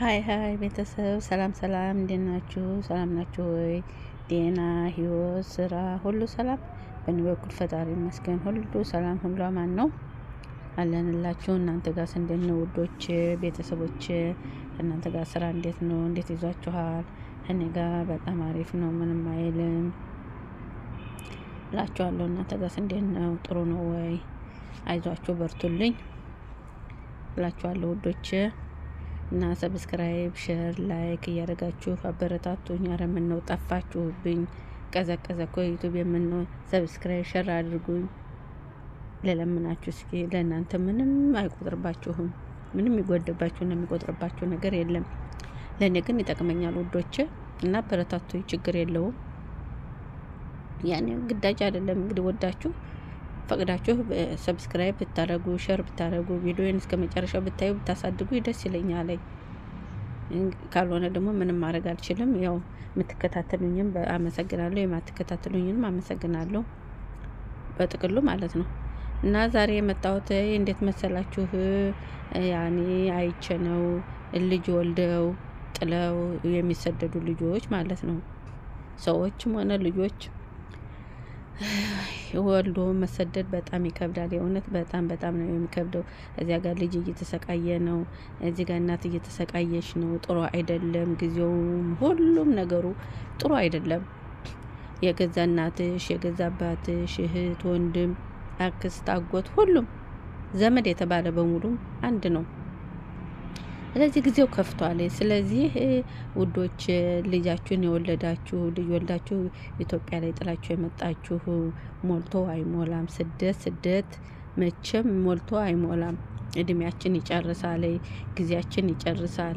ሀይ ሀይ ቤተሰብ ሰላም ሰላም፣ እንዴት ናችሁ? ሰላም ናችሁ ወይ? ጤና፣ ህይወት፣ ስራ ሁሉ ሰላም። በእኔ በኩል ፈጣሪ ይመስገን ሁሉ ሰላም፣ ሁሉ አማን ነው አለንላችሁ። እናንተ ጋር እንዴት ነው ውዶች ቤተሰቦች? እናንተ ጋር ስራ እንዴት ነው? እንዴት ይዟችኋል? እኔ ጋር በጣም አሪፍ ነው፣ ምንም አይልም ላችኋለሁ። እናንተ ጋር እንዴት ነው? ጥሩ ነው ወይ? አይዟችሁ፣ በርቱልኝ ላችኋለሁ ውዶች እና ሰብስክራይብ፣ ሼር፣ ላይክ እያደረጋችሁ አበረታቱኝ። ኧረ ምነው ጠፋችሁብኝ? ቀዘቀዘ እኮ ዩቱብ። የምነው ሰብስክራይብ፣ ሼር አድርጉኝ። ለለምናችሁ እስኪ ለእናንተ ምንም አይቆጥርባችሁም። ምንም የሚጎድባችሁና የሚቆጥርባችሁ ነገር የለም። ለእኔ ግን ይጠቅመኛል ውዶች እና አበረታቱኝ። ችግር የለውም። ያኔ ግዳጅ አይደለም እንግዲህ ወዳችሁ ፈቅዳችሁ ሰብስክራይብ ብታደረጉ፣ ሸር ብታደረጉ፣ ቪዲዮን እስከ መጨረሻው ብታዩ ብታሳድጉ ደስ ይለኛል። ካልሆነ ደግሞ ምንም ማድረግ አልችልም። ያው የምትከታተሉኝም አመሰግናለሁ፣ የማትከታተሉኝንም አመሰግናለሁ። በጥቅሉ ማለት ነው እና ዛሬ የመጣሁት እንዴት መሰላችሁ? ያኔ አይቼ ነው ልጅ ወልደው ጥለው የሚሰደዱ ልጆች ማለት ነው ሰዎችም ሆነ ልጆች ወልዶ መሰደድ በጣም ይከብዳል። የእውነት በጣም በጣም ነው የሚከብደው። እዚያ ጋር ልጅ እየተሰቃየ ነው፣ እዚህ ጋር እናት እየተሰቃየች ነው። ጥሩ አይደለም። ጊዜውም ሁሉም ነገሩ ጥሩ አይደለም። የገዛ እናትሽ፣ የገዛ አባትሽ፣ እህት፣ ወንድም፣ አክስት፣ አጎት ሁሉም ዘመድ የተባለ በሙሉም አንድ ነው። ስለዚህ ጊዜው ከፍቷል። ስለዚህ ውዶች ልጃችሁን የወለዳችሁ ልጅ ወልዳችሁ ኢትዮጵያ ላይ ጥላችሁ የመጣችሁ ሞልቶ አይሞላም። ስደት ስደት መቼም ሞልቶ አይሞላም። እድሜያችን ይጨርሳል፣ ጊዜያችን ይጨርሳል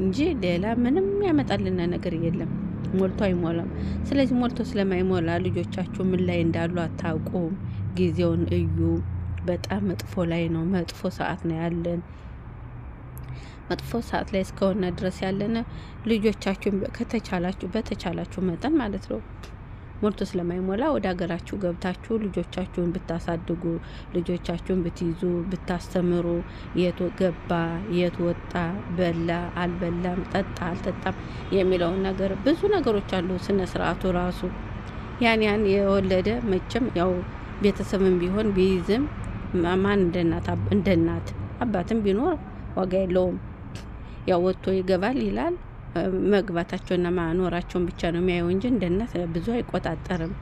እንጂ ሌላ ምንም ያመጣልና ነገር የለም። ሞልቶ አይሞላም። ስለዚህ ሞልቶ ስለማይሞላ ልጆቻችሁ ምን ላይ እንዳሉ አታውቁም። ጊዜውን እዩ። በጣም መጥፎ ላይ ነው። መጥፎ ሰዓት ነው ያለን። መጥፎ ሰዓት ላይ እስከሆነ ድረስ ያለነ ልጆቻችሁን ከተቻላችሁ በተቻላችሁ መጠን ማለት ነው ሞልቶ ስለማይሞላ ወደ ሀገራችሁ ገብታችሁ ልጆቻችሁን ብታሳድጉ ልጆቻችሁን ብትይዙ ብታስተምሩ፣ የት ገባ የት ወጣ፣ በላ አልበላም፣ ጠጣ አልጠጣም የሚለውን ነገር ብዙ ነገሮች አሉ። ስነ ስርዓቱ ራሱ ያን ያን የወለደ መቼም ያው ቤተሰብም ቢሆን ቢይዝም ማን እንደናት አባትም ቢኖር ዋጋ የለውም። ያው ወጥቶ ይገባል ይላል። መግባታቸውና ማኖራቸውን ብቻ ነው የሚያየው እንጂ እንደ እናት ብዙ አይቆጣጠርም።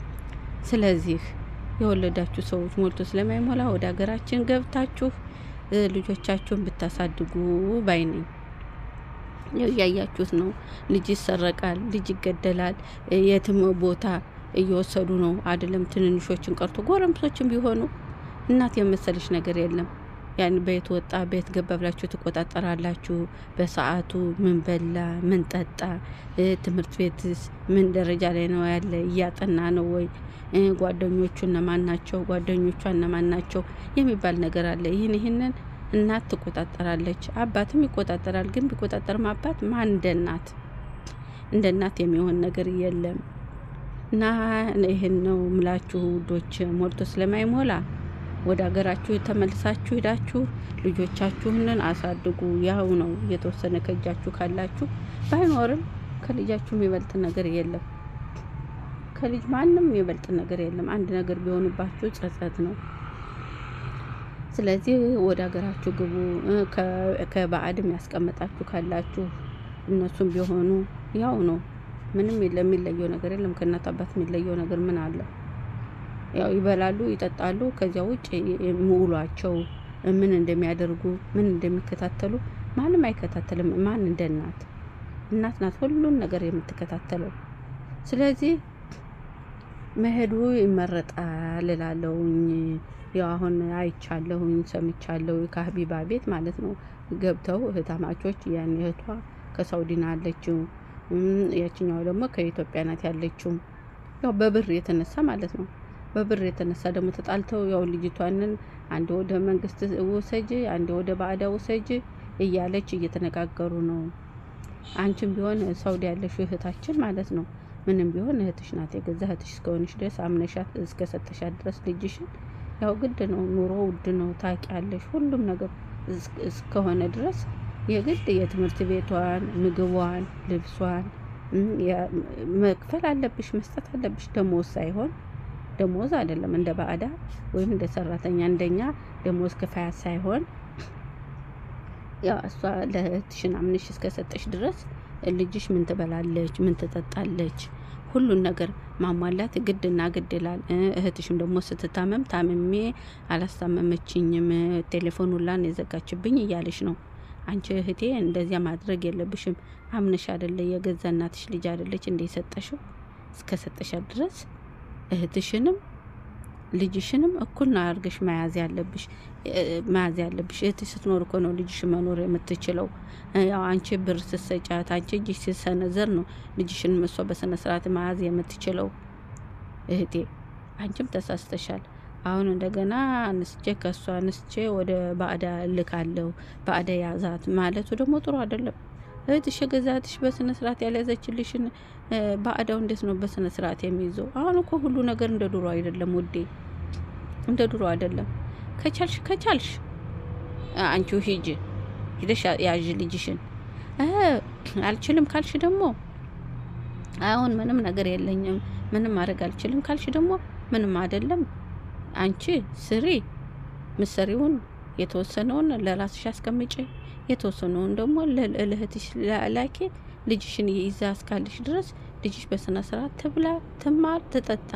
ስለዚህ የወለዳችሁ ሰዎች ሞልቶ ስለማይሞላ ወደ ሀገራችን ገብታችሁ ልጆቻችሁን ብታሳድጉ ባይ ነኝ። እያያችሁት ነው። ልጅ ይሰረቃል፣ ልጅ ይገደላል። የትም ቦታ እየወሰዱ ነው አይደለም። ትንንሾችን ቀርቶ ጎረምሶችን ቢሆኑ እናት የመሰለች ነገር የለም። ያን ቤት ወጣ ቤት ገባ ብላችሁ ትቆጣጠራላችሁ። በሰዓቱ ምን በላ ምን ጠጣ፣ ትምህርት ቤትስ ምን ደረጃ ላይ ነው ያለ፣ እያጠና ነው ወይ፣ ጓደኞቹ እነማን ናቸው፣ ጓደኞቿ እነማን ናቸው የሚባል ነገር አለ። ይህን ይህንን እናት ትቆጣጠራለች፣ አባትም ይቆጣጠራል። ግን ቢቆጣጠርም አባት ማን እንደ እናት እንደ እናት የሚሆን ነገር የለም እና ይህን ነው ምላችሁ ውዶች ሞልቶ ስለማይሞላ ወደ ሀገራችሁ ተመልሳችሁ ሄዳችሁ ልጆቻችሁንን አሳድጉ። ያው ነው የተወሰነ ከእጃችሁ ካላችሁ ባይኖርም ከልጃችሁ የሚበልጥ ነገር የለም። ከልጅ ማንም የሚበልጥ ነገር የለም። አንድ ነገር ቢሆንባችሁ ጸጸት ነው። ስለዚህ ወደ ሀገራችሁ ግቡ። ከባዕድም ያስቀመጣችሁ ካላችሁ እነሱም ቢሆኑ ያው ነው። ምንም የሚለየው ነገር የለም። ከእናት አባት የሚለየው ነገር ምን አለው? ያው ይበላሉ፣ ይጠጣሉ። ከዚያ ውጭ ውሏቸው ምን እንደሚያደርጉ ምን እንደሚከታተሉ ማንም አይከታተልም። ማን እንደ እናት እናት ናት ሁሉን ነገር የምትከታተለው። ስለዚህ መሄዱ ይመረጣል እላለሁኝ። ያው አሁን አይቻለሁኝ ሰምቻለሁ፣ ከሀቢባ ቤት ማለት ነው ገብተው እህታማቾች ያን እህቷ ከሳውዲና አለችው፣ ያችኛው ደግሞ ከኢትዮጵያ ናት ያለችው፣ ያው በብር የተነሳ ማለት ነው በብር የተነሳ ደግሞ ተጣልተው ያው ልጅቷንን አንድ ወደ መንግስት ውሰጅ፣ አንድ ወደ ባዕዳ ውሰጅ እያለች እየተነጋገሩ ነው። አንቺም ቢሆን ሳውዲ ያለሽው እህታችን ማለት ነው ምንም ቢሆን እህትሽ ናት። የገዛ እህትሽ እስከሆንሽ ድረስ አምነሻት እስከሰጠሻት ድረስ ልጅሽን ያው ግድ ነው። ኑሮ ውድ ነው ታውቂያለሽ። ሁሉም ነገር እስከሆነ ድረስ የግድ የትምህርት ቤቷን፣ ምግቧን፣ ልብሷን መክፈል አለብሽ፣ መስጠት አለብሽ ደሞዝ ሳይሆን ደሞዝ አይደለም እንደ ባዕዳ ወይም እንደ ሰራተኛ እንደኛ ደሞዝ ክፋያ ሳይሆን ያው እሷ ለእህትሽን አምንሽ እስከሰጠሽ ድረስ ልጅሽ ምን ትበላለች፣ ምን ትጠጣለች፣ ሁሉን ነገር ማሟላት ግድና ግድ ይላል። እህትሽም ደግሞ ስትታመም ታምሜ አላስታመመችኝም ቴሌፎን ሁላን የዘጋችብኝ እያለች ነው። አንቺ እህቴ እንደዚያ ማድረግ የለብሽም። አምነሽ አደለ የገዛ እናትሽ ልጅ አደለች እንደ ሰጠሽው እስከ ድረስ እህትሽንም ልጅሽንም እኩል ነው አድርገሽ መያዝ ያለብሽ መያዝ ያለብሽ። እህትሽ ስትኖር እኮ ነው ልጅሽ መኖር የምትችለው። ያው አንቺ ብር ስትሰጫት፣ አንቺ እጅ ስትሰነዝር ነው ልጅሽንም እሷ በስነ ስርዓት መያዝ የምትችለው። እህቴ አንቺም ተሳስተሻል። አሁን እንደገና አንስቼ ከእሷ አንስቼ ወደ ባዕዳ ልካለሁ ባዕዳ ያዛት ማለቱ ደግሞ ጥሩ አይደለም። እህትሽ ገዛትሽ በስነ ስርዓት ያልያዘችልሽን ባዕዳው እንዴት ነው በስነ ስርዓት የሚይዘው? አሁን እኮ ሁሉ ነገር እንደ ድሮ አይደለም ውዴ፣ እንደ ድሮ አይደለም። ከቻልሽ ከቻልሽ አንቺው ሂጂ ሂደሽ ያዥ ልጅሽን። አልችልም ካልሽ ደግሞ አሁን ምንም ነገር የለኝም ምንም ማድረግ አልችልም ካልሽ ደግሞ ምንም አይደለም። አንቺ ስሪ፣ ምሰሪውን የተወሰነውን ለራስሽ አስቀምጪ። የተወሰነውን ደግሞ ለእህትሽ ላኪ። ልጅሽን ይዛ እስካለሽ ድረስ ልጅሽ በስነ ስርዓት ትብላ፣ ትማር፣ ትጠጣ።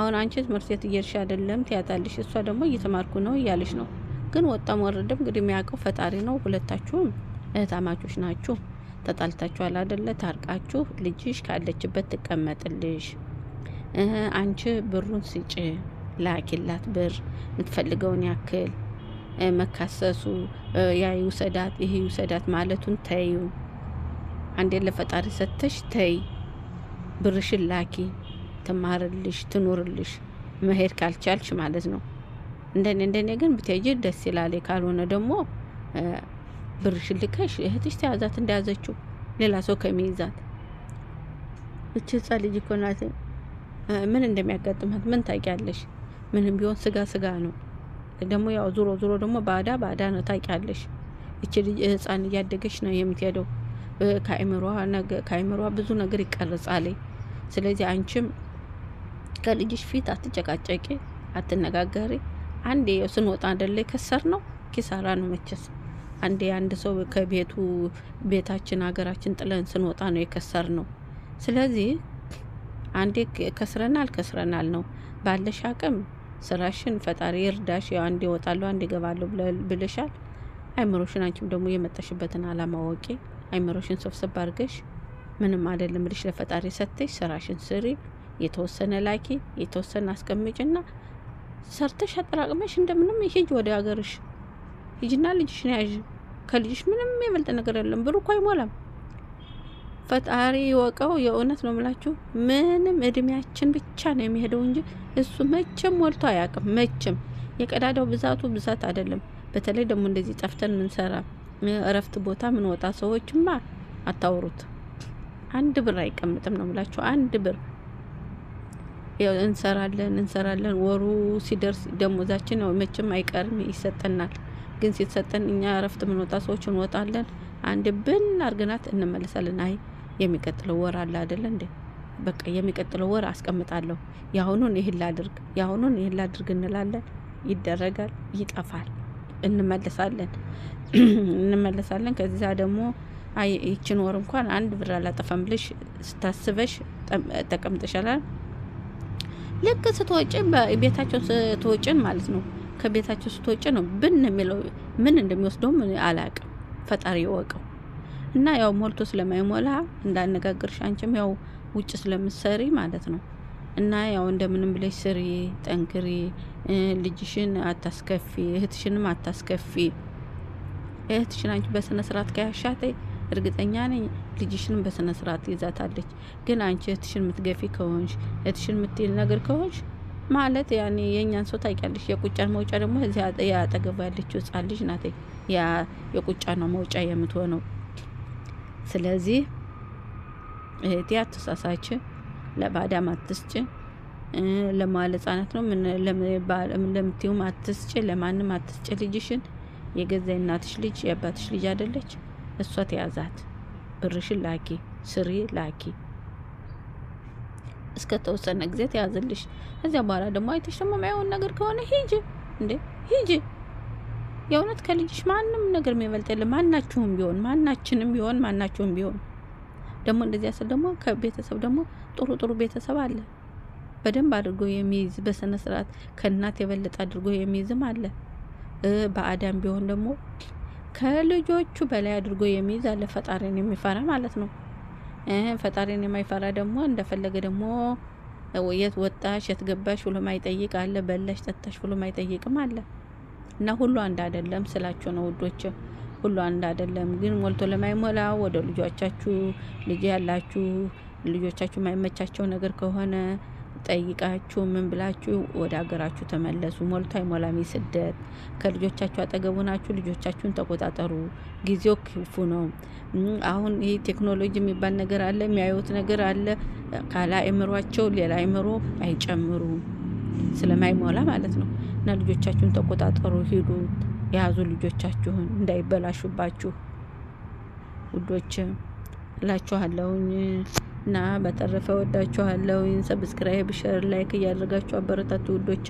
አሁን አንቺ ትምህርት ቤት አይደለም ትያታለሽ። እሷ ደግሞ እየተማርኩ ነው እያለች ነው። ግን ወጣም ወረደም እንግዲህ የሚያውቀው ፈጣሪ ነው። ሁለታችሁም እህታማቾች ናችሁ። ተጣልታችኋል አይደለ? ታርቃችሁ ልጅሽ ካለችበት ትቀመጥልሽ። አንቺ ብሩን ስጭ፣ ላኪላት ብር የምትፈልገውን ያክል መካሰሱ፣ ያ ይውሰዳት፣ ይሄ ይውሰዳት ማለቱን ተዩ። አንዴ ለፈጣሪ ሰተሽ ተይ፣ ብርሽን ላኪ፣ ትማርልሽ፣ ትኑርልሽ። መሄድ ካልቻልሽ ማለት ነው። እንደኔ እንደኔ ግን ብትሄጂ ደስ ይላል። ካልሆነ ደግሞ ብርሽን ልከሽ እህትሽ ተያዛት፣ እንደያዘችው ሌላ ሰው ከሚይዛት እች ህፃን ልጅ እኮ ናት። ምን እንደሚያጋጥማት ምን ታውቂያለሽ? ምንም ቢሆን ስጋ ስጋ ነው። ደግሞ ያው ዞሮ ዞሮ ደግሞ ባዳ ባዳ ነው ታውቂያለሽ። እች ህፃን እያደገች ነው የምትሄደው። ከአይምሯ ብዙ ነገር ይቀርጻል። ስለዚህ አንቺም ከልጅሽ ፊት አትጨቃጨቂ፣ አትነጋገሪ። አንዴ ያው ስንወጣ አደለ ከሰር ነው ኪሳራ ነው መቸስ አንዴ አንድ ሰው ከቤቱ ቤታችን ሀገራችን ጥለን ስንወጣ ነው የከሰር ነው። ስለዚህ አንዴ ከስረናል ከስረናል ነው ባለሽ አቅም ስራሽን ፈጣሪ እርዳሽ፣ ያው አንድ ይወጣሉ አንድ ይገባሉ ብልሻል። አይምሮሽን አንቺም ደግሞ የመጣሽበትን አላማ ወቂ። አይምሮሽን ሰብሰብ አድርገሽ ምንም አይደለም ብልሽ ለፈጣሪ ሰጥተሽ ስራሽን ስሪ። የተወሰነ ላኪ፣ የተወሰነ አስቀምጭና ሰርተሽ አጠራቅመሽ እንደምንም ሂጅ ወደ ሀገርሽ ሂጅና ልጅሽ ያዥ። ከልጅሽ ምንም የበልጠ ነገር የለም። ብሩ እኮ አይሞላም። ፈጣሪ ይወቀው። የእውነት ነው የምላችሁ። ምንም እድሜያችን ብቻ ነው የሚሄደው እንጂ እሱ መቼም ሞልቶ አያውቅም። መቼም የቀዳዳው ብዛቱ ብዛት አይደለም። በተለይ ደግሞ እንደዚህ ጠፍተን ምንሰራ እረፍት ቦታ ምንወጣ ሰዎችማ አታውሩት። አንድ ብር አይቀምጥም ነው ምላችሁ። አንድ ብር እንሰራለን እንሰራለን። ወሩ ሲደርስ ደሞዛችን መቼም አይቀርም ይሰጠናል። ግን ሲሰጠን እኛ እረፍት ምንወጣ ሰዎች እንወጣለን። አንድ ብን አርግናት እንመለሳለን። አይ የሚቀጥለው ወር አለ አደለ እንዴ? በቃ የሚቀጥለው ወር አስቀምጣለሁ፣ የአሁኑን ይህን ላድርግ፣ የአሁኑን ይህን ላድርግ እንላለን። ይደረጋል፣ ይጠፋል፣ እንመለሳለን እንመለሳለን። ከዚያ ደግሞ ይችን ወር እንኳን አንድ ብር አላጠፋም ብለሽ ስታስበሽ ተቀምጥሻላል። ልክ ስትወጭን ቤታቸው ስትወጭን ማለት ነው ከቤታቸው ስትወጭ ነው ብን የሚለው ምን እንደሚወስደውም አላቅም፣ ፈጣሪ ይወቀው። እና ያው ሞልቶ ስለማይሞላ እንዳነጋግርሽ አንቺም ያው ውጭ ስለምትሰሪ ማለት ነው እና ያው እንደምንም ብለሽ ስሪ፣ ጠንክሪ፣ ልጅሽን አታስከፊ፣ እህትሽንም አታስከፊ። እህትሽን አንቺ በስነ ስርዓት ከያሻተይ እርግጠኛ ነኝ ልጅሽንም በስነ ስርዓት ይዛታለች። ግን አንቺ እህትሽን የምትገፊ ከሆንሽ እህትሽን የምትል ነገር ከሆንሽ ማለት ያኔ የእኛን ሰው ታውቂያለሽ። የቁጫን መውጫ ደግሞ እዚያ ያጠገቡ ያለችው ህጻን ልጅ ናት። ያ የቁጫ ነው መውጫ የምትሆነው። ስለዚህ እህቴ አትሳሳች፣ ለባዳም አትስጭ፣ ለማለ ሕጻናት ነው ለምትዩም አትስጭ፣ ለማንም አትስጭ። ልጅሽን የገዛ እናትሽ ልጅ የአባትሽ ልጅ አይደለች እሷ ተያዛት። ብርሽን ላኪ፣ ስሪ ላኪ እስከ ተወሰነ ጊዜ ተያዝልሽ። ከዚያ በኋላ ደግሞ አይተሽ ደግሞ የማይሆን ነገር ከሆነ ሂጂ እንዴ ሂጂ። የእውነት ከልጅሽ ማንም ነገር የሚበልጥ የለም። ማናችሁም ቢሆን ማናችንም ቢሆን ማናችሁም ቢሆን ደግሞ እንደዚያ ስል ደግሞ ከቤተሰብ ደግሞ ጥሩ ጥሩ ቤተሰብ አለ በደንብ አድርጎ የሚይዝ በስነ ስርዓት ከእናት የበለጠ አድርጎ የሚይዝም አለ። በአዳም ቢሆን ደግሞ ከልጆቹ በላይ አድርጎ የሚይዝ አለ፣ ፈጣሪን የሚፈራ ማለት ነው። ፈጣሪን የማይፈራ ደግሞ እንደፈለገ ደግሞ የት ወጣሽ የት ገባሽ ብሎ ማይጠይቅ አለ። በላሽ ጠጣሽ ብሎ ማይጠይቅም አለ። እና ሁሉ አንድ አይደለም ስላቸው ነው ውዶች። ሁሉ አንድ አይደለም ግን ሞልቶ ለማይሞላ ወደ ልጆቻችሁ ልጅ ያላችሁ ልጆቻችሁ የማይመቻቸው ነገር ከሆነ ጠይቃችሁ ምን ብላችሁ ወደ ሀገራችሁ ተመለሱ። ሞልቶ አይሞላም ስደት። ከልጆቻችሁ አጠገቡ ናችሁ። ልጆቻችሁን ተቆጣጠሩ። ጊዜው ክፉ ነው። አሁን ይህ ቴክኖሎጂ የሚባል ነገር አለ፣ የሚያዩት ነገር አለ። ካላ አእምሯቸው ሌላ አእምሮ አይጨምሩ። ስለማይሞላ ማለት ነው። እና ልጆቻችሁን ተቆጣጠሩ፣ ሂዱ፣ የያዙ ልጆቻችሁን እንዳይበላሹባችሁ ውዶች እላችኋለሁኝ። እና በተረፈ ወዳችኋለሁኝ። ሰብስክራይብ፣ ሸር፣ ላይክ እያደረጋችሁ አበረታቱ ውዶች።